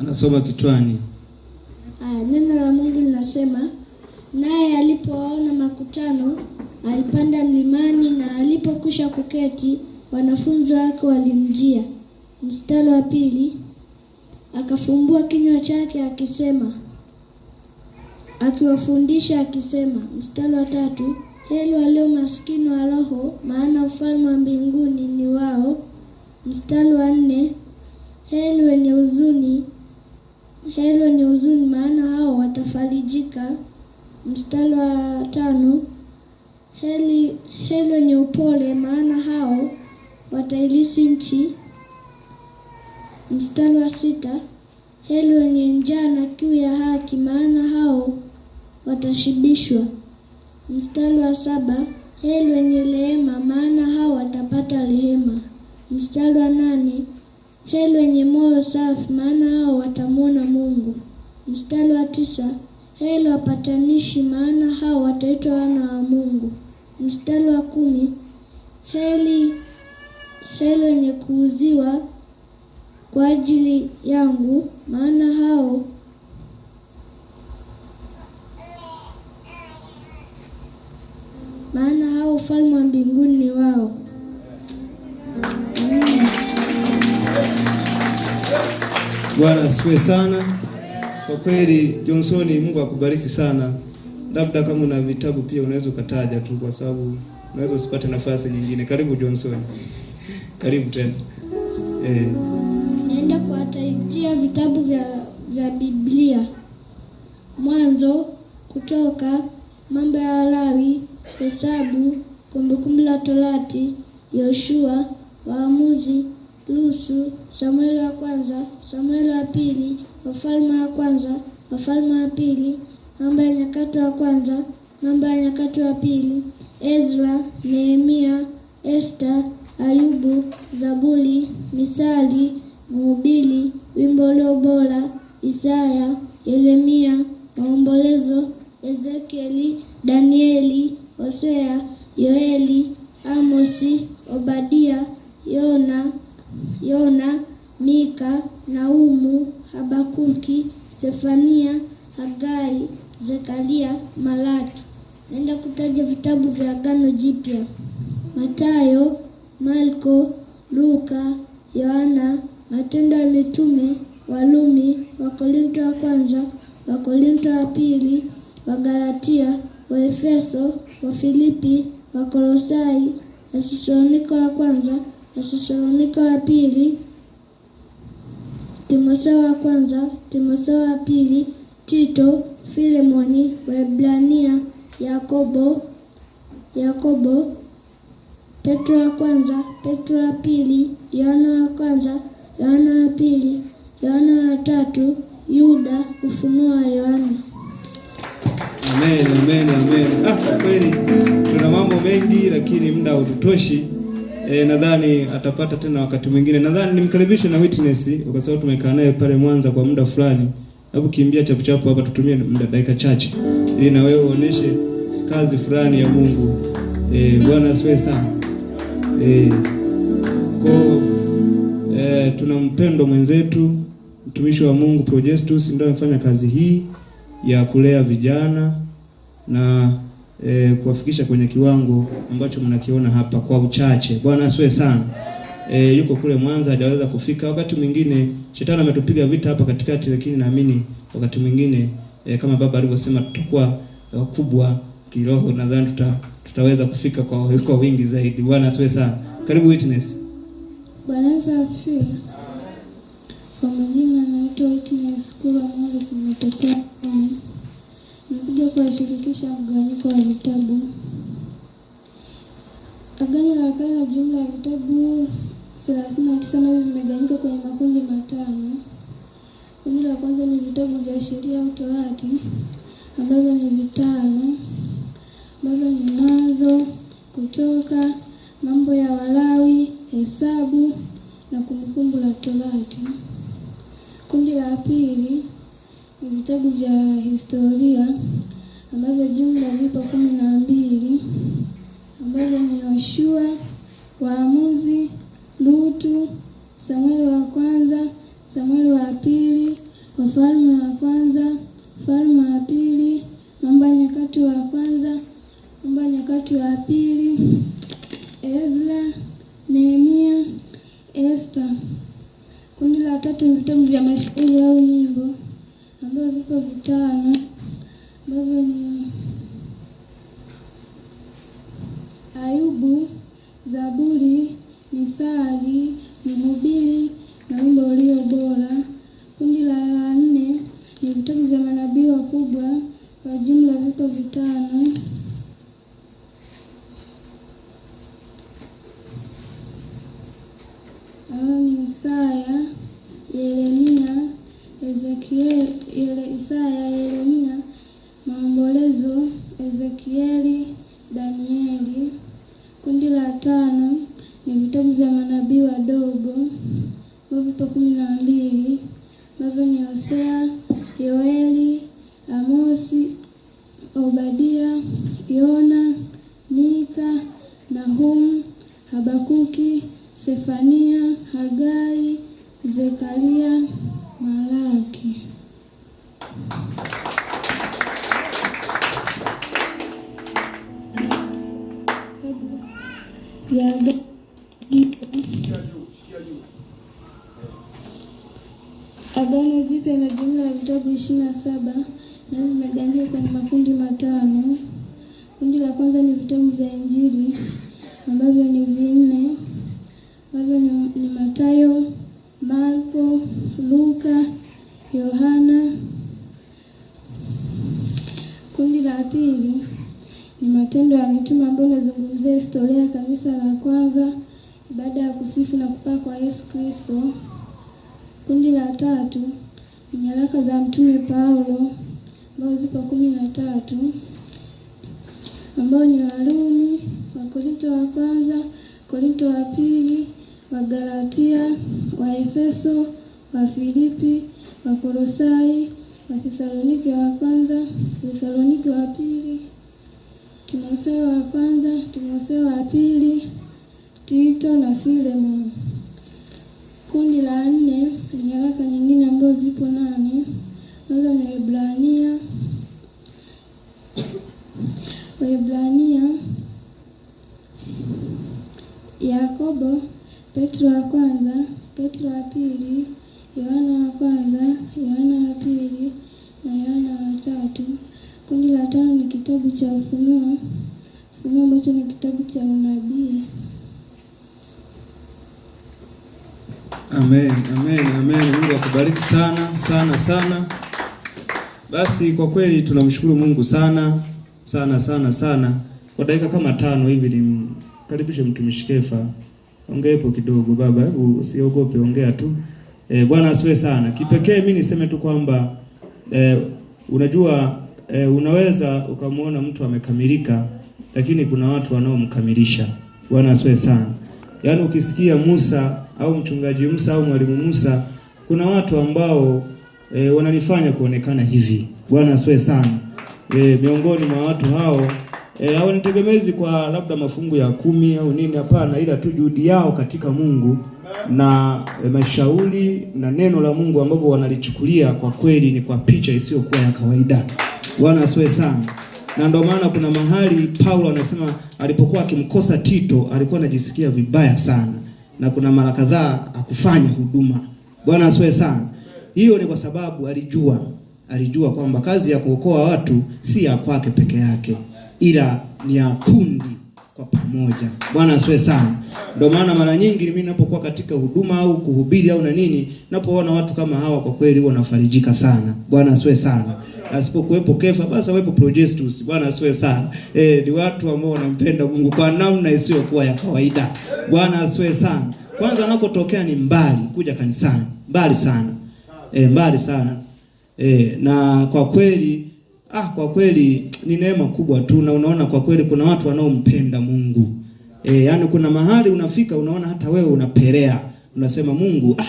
anasoma kichwani. Aya, neno la Mungu linasema, naye alipowaona makutano alipanda mlimani, na alipokwisha kuketi wanafunzi wake walimjia. Mstari wa pili, akafumbua kinywa chake akisema, akiwafundisha akisema. Mstari wa tatu, heri walio maskini wa roho, maana ufalme wa mbinguni ni wao. Mstari wa nne, heri wenye huzuni hilo ni huzuni, maana hao watafarijika. Mstari wa tano heli, helo ni upole, maana hao watailisi nchi. Mstari wa sita helo ni njaa na kiu ya haki, maana hao watashibishwa. Mstari wa saba heli wenye rehema, maana hao watapata rehema. Mstari wa nane Heri wenye moyo safi, maana hao watamwona Mungu. Mstari wa tisa, heri wapatanishi, maana hao wataitwa wana wa Mungu. Mstari wa kumi, heri heri wenye kuuziwa kwa ajili yangu, maana Bwana asifiwe sana. Kwa kweli Johnson, Mungu akubariki sana. Labda kama una vitabu pia unaweza ukataja tu, kwa sababu unaweza usipate nafasi nyingine. Karibu Johnson, karibu tena eh. Naenda kuwatajia vitabu vya, vya Biblia: Mwanzo, Kutoka, Mambo ya Walawi, Hesabu, Kumbukumbu la Torati, Yoshua, Waamuzi Lusu, Samueli wa kwanza, Samueli wa pili, Wafalme wa kwanza, Wafalme wa pili, Mambo ya Nyakati wa kwanza, Mambo ya Nyakati wa pili, Ezra, Nehemia, Esta, Ayubu, zabuli Misali, Mhubiri, Wimbo Ulio Bora, Isaya, Yeremia, Maombolezo, Ezekieli, Danieli, Hosea, Yoeli, Amosi, Obadia, Yona Yona, Mika, Naumu, Habakuki, Sefania, Hagai, Zekaria, Malaki. Naenda kutaja vitabu vya Agano Jipya: Matayo, Marko, Luka, Yohana, Matendo ya Mitume, Walumi, Wakorinto wa kwanza, Wakorinto wa pili, Wagalatia, Waefeso, Wafilipi, Wakolosai, Wathesalonike wa kwanza Tesalonika wa pili, Timotheo wa kwanza, Timotheo wa pili, Tito, Filemoni, Waebrania, Yakobo, Yakobo, Petro wa kwanza, Petro wa pili, Yohana wa kwanza, Yohana wa pili, Yohana wa tatu, Yuda, ufunuo wa Yohana. Amen, amen, amen. Ah, kweli tuna mambo mengi lakini muda haututoshi e, nadhani atapata tena wakati mwingine. Nadhani nimkaribishe na witness, kwa sababu tumekaa naye pale Mwanza kwa muda fulani. Hebu kimbia chapu chapu hapa, tutumie muda dakika chache, ili na wewe uoneshe kazi fulani ya Mungu. E, Bwana asifiwe sana. E, kwa e, tuna mpendwa mwenzetu mtumishi wa Mungu Projestus ndio amefanya kazi hii ya kulea vijana na e, kuwafikisha kwenye kiwango ambacho mnakiona hapa kwa uchache. Bwana asiwe sana. E, yuko kule Mwanza hajaweza kufika. Wakati mwingine shetani ametupiga vita hapa katikati, lakini naamini wakati mwingine e, kama baba alivyosema tutakuwa wakubwa kiroho, nadhani tuta, tutaweza kufika kwa, kwa wingi zaidi. Bwana asiwe sana. Karibu Witness. Bwana asifiwe. Kwa majina naitwa Witness Kula Morris, nimetokea Nakuja kuwashirikisha mgawanyiko wa vitabu. Agano la Kale na jumla ya vitabu thelathini na tisa navyo vimegawanyika kwenye makundi matano. Kundi la kwanza ni vitabu vya sheria au Torati ambavyo ni vitano ambavyo ni Mwanzo, Kutoka, Mambo ya Walawi, Hesabu na Kumbukumbu la Torati. Kundi la pili vitabu vya historia ambavyo jumla vipo kumi na mbili ambavyo ni Yoshua, Waamuzi, Lutu, Samueli wa kwanza, Samueli wa pili, Wafalme wa kwanza, Wafalme wa pili, Mambo ya Nyakati wa kwanza, Mambo ya Nyakati wa pili, Ezra, Nehemia, Esta. Kundi la tatu ni vitabu vya mashairi au nyimbo ambavyo viko vitano ambavyo ni Ayubu, Zaburi, Mithali, Mhubiri na Wimbo Ulio Bora. Kundi la nne ni vitabu vya manabii wakubwa, kwa jumla viko vitano. Aa, ni Isaya saba na vimegawanyika kwenye makundi matano. Kundi la kwanza ni vitabu vya Injili ambavyo ni vinne ambavyo ni, ni Mathayo, Marko, Luka, Yohana. Kundi la pili ni matendo ya mitume ambayo inazungumzia historia ya kanisa la kwanza baada ya kusifu na kupaa kwa Yesu Kristo. Kundi la tatu nyaraka za Mtume Paulo ambazo zipo kumi na tatu ambao ni Warumi, Wakorinto wa kwanza, Korinto wa pili, Wagalatia, Waefeso, Wafilipi, Wakolosai, Wathesalonike wa kwanza, Thesalonike wa pili, Timotheo wa kwanza, Timotheo wa pili, Tito na Filemoni. Kundi la nne, nyaraka nyingine ambazo nipo nani, Kwanza ni Waebrania Waebrania, Yakobo, Petro wa kwanza, Petro wa pili, Yohana wa kwanza, Yohana wa pili na Yohana wa tatu. Kundi la tano ni kitabu cha Ufunuo, Ufunuo ambacho ni kitabu cha unabii. Amen, amen, amen. Mungu akubariki sana sana sana. Basi kwa kweli tunamshukuru Mungu sana sana sana sana. Kwa dakika kama tano hivi nimkaribishe mtumishi Kefa, ongeepo kidogo baba, usiogope, ongea tu. E, Bwana asiwe sana. Kipekee mimi niseme tu kwamba e, unajua e, unaweza ukamwona mtu amekamilika, lakini kuna watu wanaomkamilisha. Bwana asiwe sana. Yaani ukisikia Musa au mchungaji Musa au mwalimu Musa, kuna watu ambao e, wananifanya kuonekana hivi. Bwana asiwe sana e, miongoni mwa watu hao e, hawanitegemezi kwa labda mafungu ya kumi au nini, hapana, ila tu juhudi yao katika Mungu na e, mashauri na neno la Mungu ambapo wanalichukulia kwa kweli ni kwa picha isiyokuwa ya kawaida. Bwana asiwe sana na ndio maana kuna mahali Paulo anasema alipokuwa akimkosa Tito alikuwa anajisikia vibaya sana, na kuna mara kadhaa akufanya huduma. Bwana asiwe sana. Hiyo ni kwa sababu alijua alijua kwamba kazi ya kuokoa watu si ya kwake peke yake, ila ni ya kundi kwa pamoja. Bwana asiwe sana. Ndio maana mara nyingi mimi ninapokuwa katika huduma au kuhubiri au na nini, napoona watu kama hawa, kwa kweli huwa nafarijika sana. Bwana asiwe sana. Asipokuwepo Kefa, basi awepo Projestus. Bwana asiwe sana. Eh, ni watu ambao wanampenda Mungu kwa namna isiyokuwa ya kawaida. Bwana asiwe sana. Kwanza anakotokea ni mbali kuja kanisani, mbali sana e, mbali sana e, na kwa kweli ah, kwa kweli ni neema kubwa tu, na unaona kwa kweli kuna watu wanaompenda Mungu e, eh, yani kuna mahali unafika unaona hata wewe unapelea, unasema Mungu ah,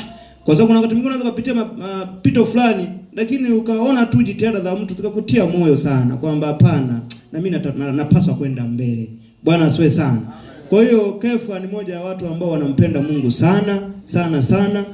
kwa sababu kuna wakati mwingine unaweza kupitia mapito fulani, lakini ukaona tu jitihada za mtu zikakutia moyo sana kwamba hapana, na mimi napaswa kwenda mbele. Bwana asiwe sana. Kwa hiyo Kefa ni moja ya watu ambao wanampenda Mungu sana sana sana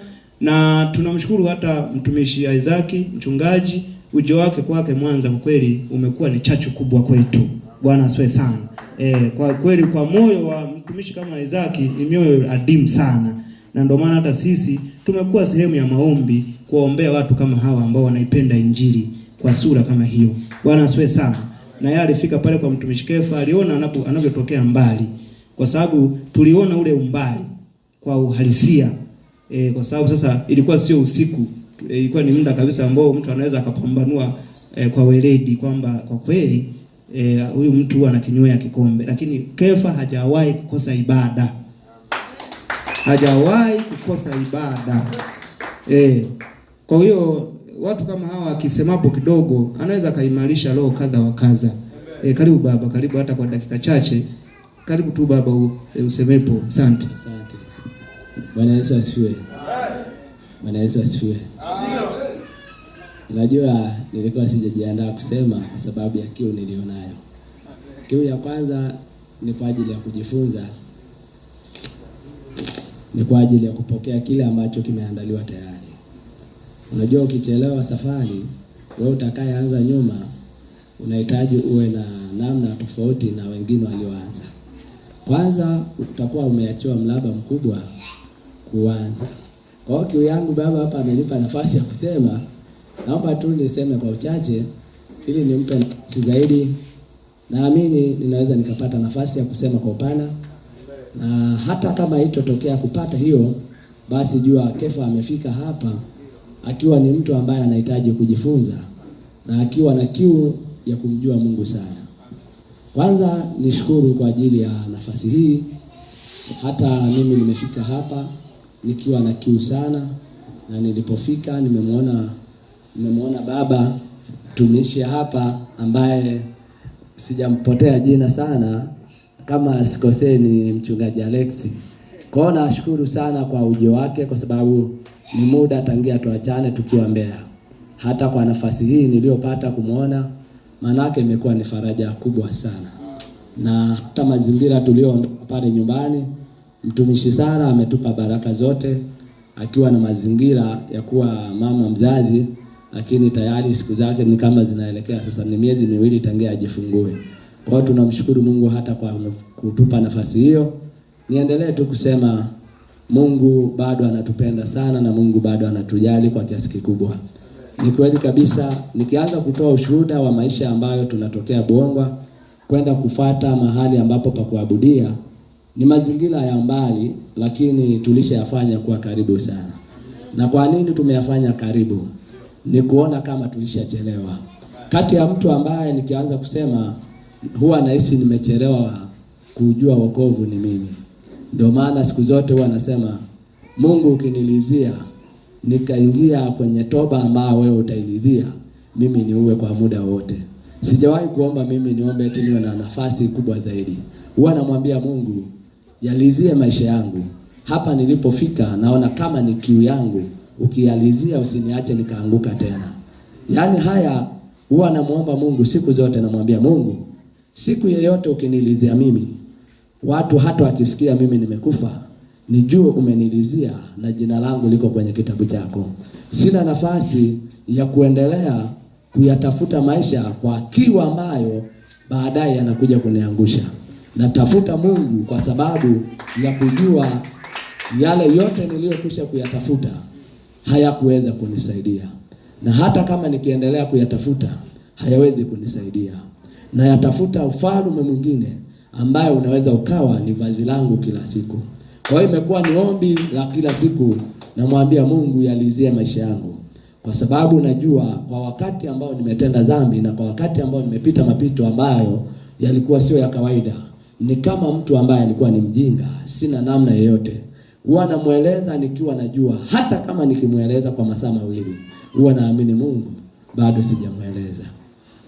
na tunamshukuru hata mtumishi Isaac mchungaji, ujio wake kwake Mwanza kwa kweli umekuwa ni chachu kubwa kwetu. Bwana asifiwe sana. E, kwa kweli kwa moyo wa mtumishi kama Isaac ni mioyo adimu sana, na ndio maana hata sisi tumekuwa sehemu ya maombi kuwaombea watu kama hawa ambao wanaipenda injili kwa sura kama hiyo. Bwana asifiwe sana. Na yeye alifika pale kwa mtumishi Kefa, aliona anavyotokea mbali, kwa sababu tuliona ule umbali kwa uhalisia e, kwa sababu sasa ilikuwa sio usiku e, ilikuwa ni muda kabisa ambao mtu anaweza akapambanua e, kwa weledi kwamba kwa kweli e, huyu e, mtu ana kinywea kikombe, lakini Kefa hajawahi kukosa ibada, hajawahi kukosa ibada e, kwa hiyo watu kama hawa akisemapo kidogo anaweza akaimarisha roho kadha wa kadha. E, karibu baba, karibu hata kwa dakika chache, karibu tu baba, e, usemepo. Asante, asante. Bwana Yesu asifiwe. Bwana Yesu asifiwe. Najua nilikuwa sijajiandaa kusema kwa sababu ya kiu nilionayo. Kiu ya kwanza ni kwa ajili ya kujifunza, ni kwa ajili ya kupokea kile ambacho kimeandaliwa tayari. Unajua, ukichelewa safari, wewe utakayeanza nyuma, unahitaji uwe na namna tofauti na wengine walioanza. Kwanza utakuwa umeachiwa mlaba mkubwa kuanza. Kwa hiyo kiu yangu baba hapa amenipa nafasi ya kusema, naomba tu niseme kwa uchache ili nimpe nafasi zaidi. Naamini ninaweza nikapata nafasi ya kusema kwa upana, na hata kama itotokea kupata hiyo, basi jua Kefa amefika hapa akiwa ni mtu ambaye anahitaji kujifunza na akiwa na kiu ya kumjua Mungu sana. Kwanza nishukuru kwa ajili ya nafasi hii, hata mimi nimefika hapa nikiwa na kiu sana, na nilipofika nimemwona nimemwona baba tumishi hapa ambaye sijampotea jina sana, kama sikosee ni mchungaji Alexi. Kwa hiyo nashukuru sana kwa ujio wake, kwa sababu ni muda tangia tuachane tukiwa Mbeya, hata kwa nafasi hii niliyopata kumwona, maanake imekuwa ni faraja kubwa sana, na hata mazingira tulio pale nyumbani Mtumishi Sara ametupa baraka zote akiwa na mazingira ya kuwa mama mzazi, lakini tayari siku zake ni kama zinaelekea sasa, ni miezi miwili tangia ajifungue. Kwa hiyo tunamshukuru Mungu hata kwa kutupa nafasi hiyo. Niendelee tu kusema Mungu bado anatupenda sana na Mungu bado anatujali kwa kiasi kikubwa. Ni kweli kabisa, nikianza kutoa ushuhuda wa maisha ambayo tunatokea Bongwa kwenda kufata mahali ambapo pa kuabudia ni mazingira ya mbali, lakini tulishayafanya kuwa karibu sana. Na kwa nini tumeyafanya karibu? Ni kuona kama tulishachelewa. Kati ya mtu ambaye nikianza kusema huwa nahisi nimechelewa kujua wokovu ni mimi. Ndio maana siku zote huwa nasema Mungu, ukinilizia nikaingia kwenye toba ambayo wewe utailizia, mimi ni uwe kwa muda wote. Sijawahi kuomba mimi niombe eti niwe na nafasi kubwa zaidi. Huwa namwambia Mungu yalizia maisha yangu. Hapa nilipofika, naona kama ni kiu yangu, ukializia usiniache nikaanguka tena. Yaani haya huwa namuomba Mungu siku zote, namwambia Mungu, siku yeyote ukinilizia mimi, watu hata wakisikia mimi nimekufa, nijue umenilizia na jina langu liko kwenye kitabu chako. Sina nafasi ya kuendelea kuyatafuta maisha kwa kiu ambayo baadaye yanakuja kuniangusha. Natafuta Mungu kwa sababu ya kujua yale yote niliyokwisha kuyatafuta hayakuweza kunisaidia, na hata kama nikiendelea kuyatafuta hayawezi kunisaidia. Nayatafuta ufalme mwingine ambayo unaweza ukawa ni vazi langu kila siku. Kwa hiyo imekuwa ni ombi la kila siku, namwambia Mungu yalizie maisha yangu, kwa sababu najua kwa wakati ambao nimetenda dhambi na kwa wakati ambao nimepita mapito ambayo yalikuwa sio ya kawaida ni kama mtu ambaye alikuwa ni mjinga, sina namna yoyote. Huwa namweleza nikiwa najua, hata kama nikimweleza kwa masaa mawili, huwa naamini Mungu bado sijamweleza,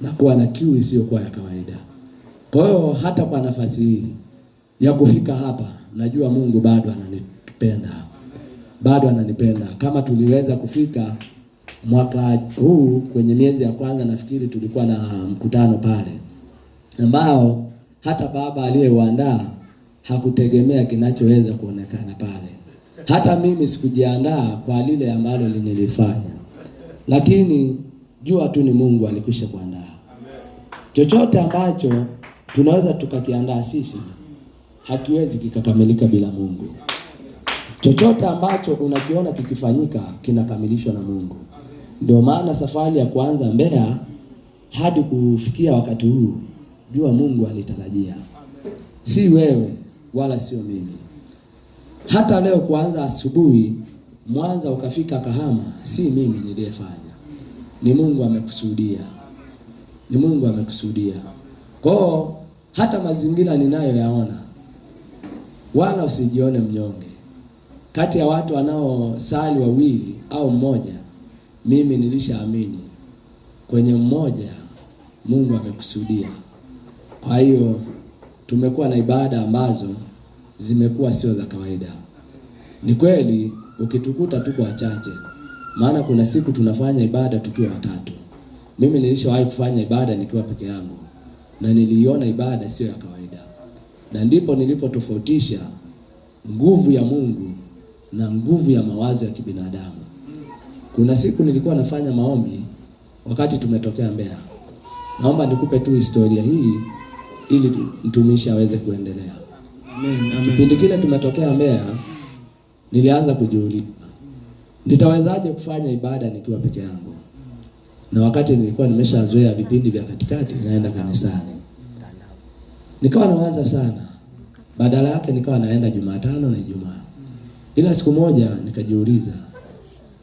na kuwa na kiu isiyokuwa ya kawaida. Kwa hiyo hata kwa nafasi hii ya kufika hapa, najua Mungu bado ananipenda, bado ananipenda. Kama tuliweza kufika mwaka huu kwenye miezi ya kwanza, nafikiri tulikuwa na mkutano pale ambao hata Baba aliyeuandaa hakutegemea kinachoweza kuonekana pale. Hata mimi sikujiandaa kwa lile ambalo linilifanya, lakini jua tu ni Mungu alikwisha kuandaa. Chochote ambacho tunaweza tukakiandaa sisi hakiwezi kikakamilika bila Mungu. Chochote ambacho unakiona kikifanyika kinakamilishwa na Mungu. Ndio maana safari ya kuanza Mbeya hadi kufikia wakati huu jua Mungu alitarajia, si wewe wala sio mimi. Hata leo kuanza asubuhi Mwanza ukafika Kahama, si mimi niliyefanya, ni Mungu amekusudia, ni Mungu amekusudia. Kwao hata mazingira ninayoyaona, wala usijione mnyonge. Kati ya watu wanaosali wawili au mmoja, mimi nilishaamini kwenye mmoja Mungu amekusudia. Kwa hiyo tumekuwa na ibada ambazo zimekuwa sio za kawaida. Ni kweli ukitukuta tuko wachache, maana kuna siku tunafanya ibada tukiwa watatu. Mimi nilishawahi kufanya ibada nikiwa peke yangu, na niliiona ibada sio ya kawaida, na ndipo nilipotofautisha nguvu ya Mungu na nguvu ya mawazo ya kibinadamu. Kuna siku nilikuwa nafanya maombi wakati tumetokea Mbeya. Naomba nikupe tu historia hii ili mtumishi aweze kuendelea. Amen, amen. Kipindi kile tumetokea Mbeya, nilianza kujiuliza nitawezaje kufanya ibada nikiwa peke yangu, na wakati nilikuwa nimeshazoea vipindi vya katikati naenda kanisani. Nikawa nawaza sana, badala yake nikawa naenda Jumatano na Ijumaa. Ila siku moja nikajiuliza,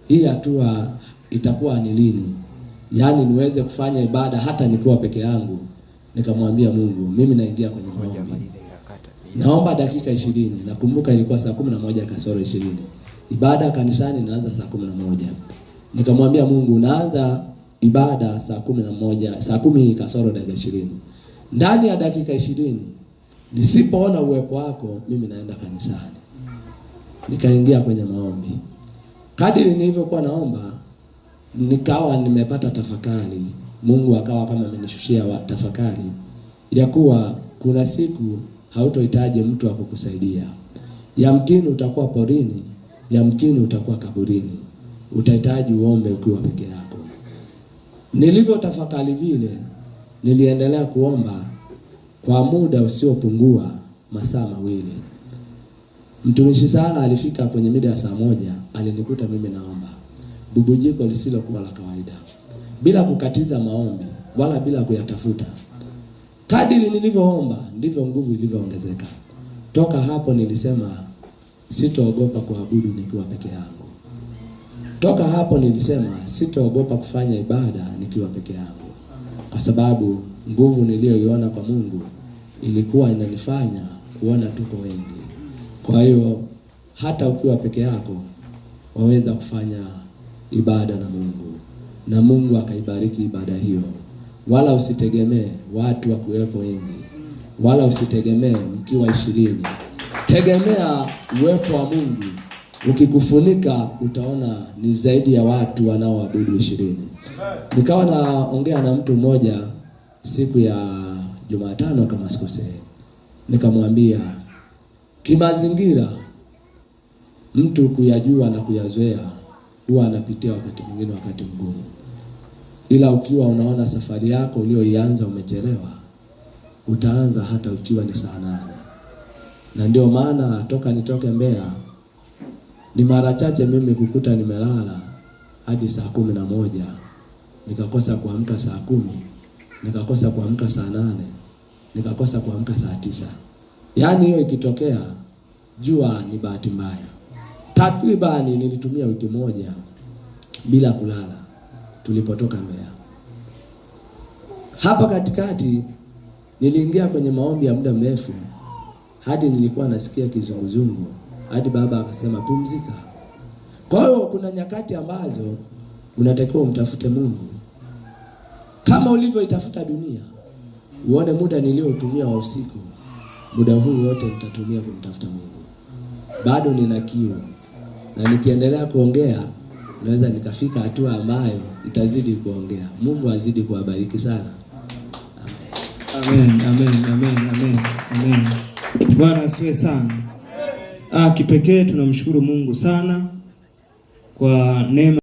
hii hatua itakuwa ni lini? Yaani niweze kufanya ibada hata nikiwa peke yangu nikamwambia Mungu, mimi naingia kwenye maombi, naomba dakika ishirini. Nakumbuka ilikuwa saa kumi na moja kasoro ishirini, ibada kanisani inaanza saa kumi na moja. Nikamwambia Mungu, naanza ibada saa kumi na moja, saa kumi kasoro dakika ishirini. Ndani ya dakika ishirini nisipoona uwepo wako mimi naenda kanisani. Nikaingia kwenye maombi, kadiri nilivyokuwa naomba nikawa nimepata tafakari Mungu akawa kama amenishushia wa tafakari ya kuwa kuna siku hautohitaji mtu wa kukusaidia. Yamkini utakuwa porini, yamkini utakuwa kaburini, utahitaji uombe ukiwa peke yako. Nilivyotafakari vile, niliendelea kuomba kwa muda usiopungua masaa mawili. Mtumishi sana alifika kwenye mida ya saa moja, alinikuta mimi naomba bubujiko lisilokuwa la kawaida bila kukatiza maombi wala bila kuyatafuta. Kadiri nilivyoomba ndivyo nguvu ilivyoongezeka. Toka hapo nilisema sitoogopa kuabudu nikiwa peke yangu. Toka hapo nilisema sitoogopa kufanya ibada nikiwa peke yangu, kwa sababu nguvu niliyoiona kwa Mungu ilikuwa inanifanya kuona tuko wengi. Kwa hiyo hata ukiwa peke yako waweza kufanya ibada na Mungu na Mungu akaibariki ibada hiyo. Wala usitegemee watu wa kuwepo wengi, wala usitegemee mkiwa ishirini. Tegemea uwepo wa Mungu. Ukikufunika utaona ni zaidi ya watu wanaoabudu ishirini. Nikawa naongea na mtu mmoja siku ya Jumatano kama sikosei, nikamwambia kimazingira, mtu kuyajua na kuyazoea huwa anapitia wakati mwingine wakati mgumu, ila ukiwa unaona safari yako ulioianza umechelewa, utaanza hata ukiwa ni saa nane. Na ndio maana toka nitoke Mbeya ni mara chache mimi kukuta nimelala hadi saa kumi na moja nikakosa kuamka saa kumi nikakosa kuamka saa nane nikakosa kuamka saa tisa. Yaani hiyo ikitokea, jua ni bahati mbaya takribani nilitumia wiki moja bila kulala tulipotoka Mbeya. Hapa katikati niliingia kwenye maombi ya muda mrefu hadi nilikuwa nasikia kizunguzungu, hadi baba akasema pumzika. Kwa hiyo kuna nyakati ambazo unatakiwa umtafute Mungu kama ulivyoitafuta dunia, uone muda niliyotumia wa usiku, muda huu wote nitatumia kumtafuta Mungu. Bado nina kiu na nikiendelea kuongea naweza nikafika hatua ambayo itazidi kuongea. Mungu azidi kuwabariki sana. Amen, amen, amen, amen, amen. Bwana asiwe sana. Ah, kipekee tunamshukuru Mungu sana kwa neema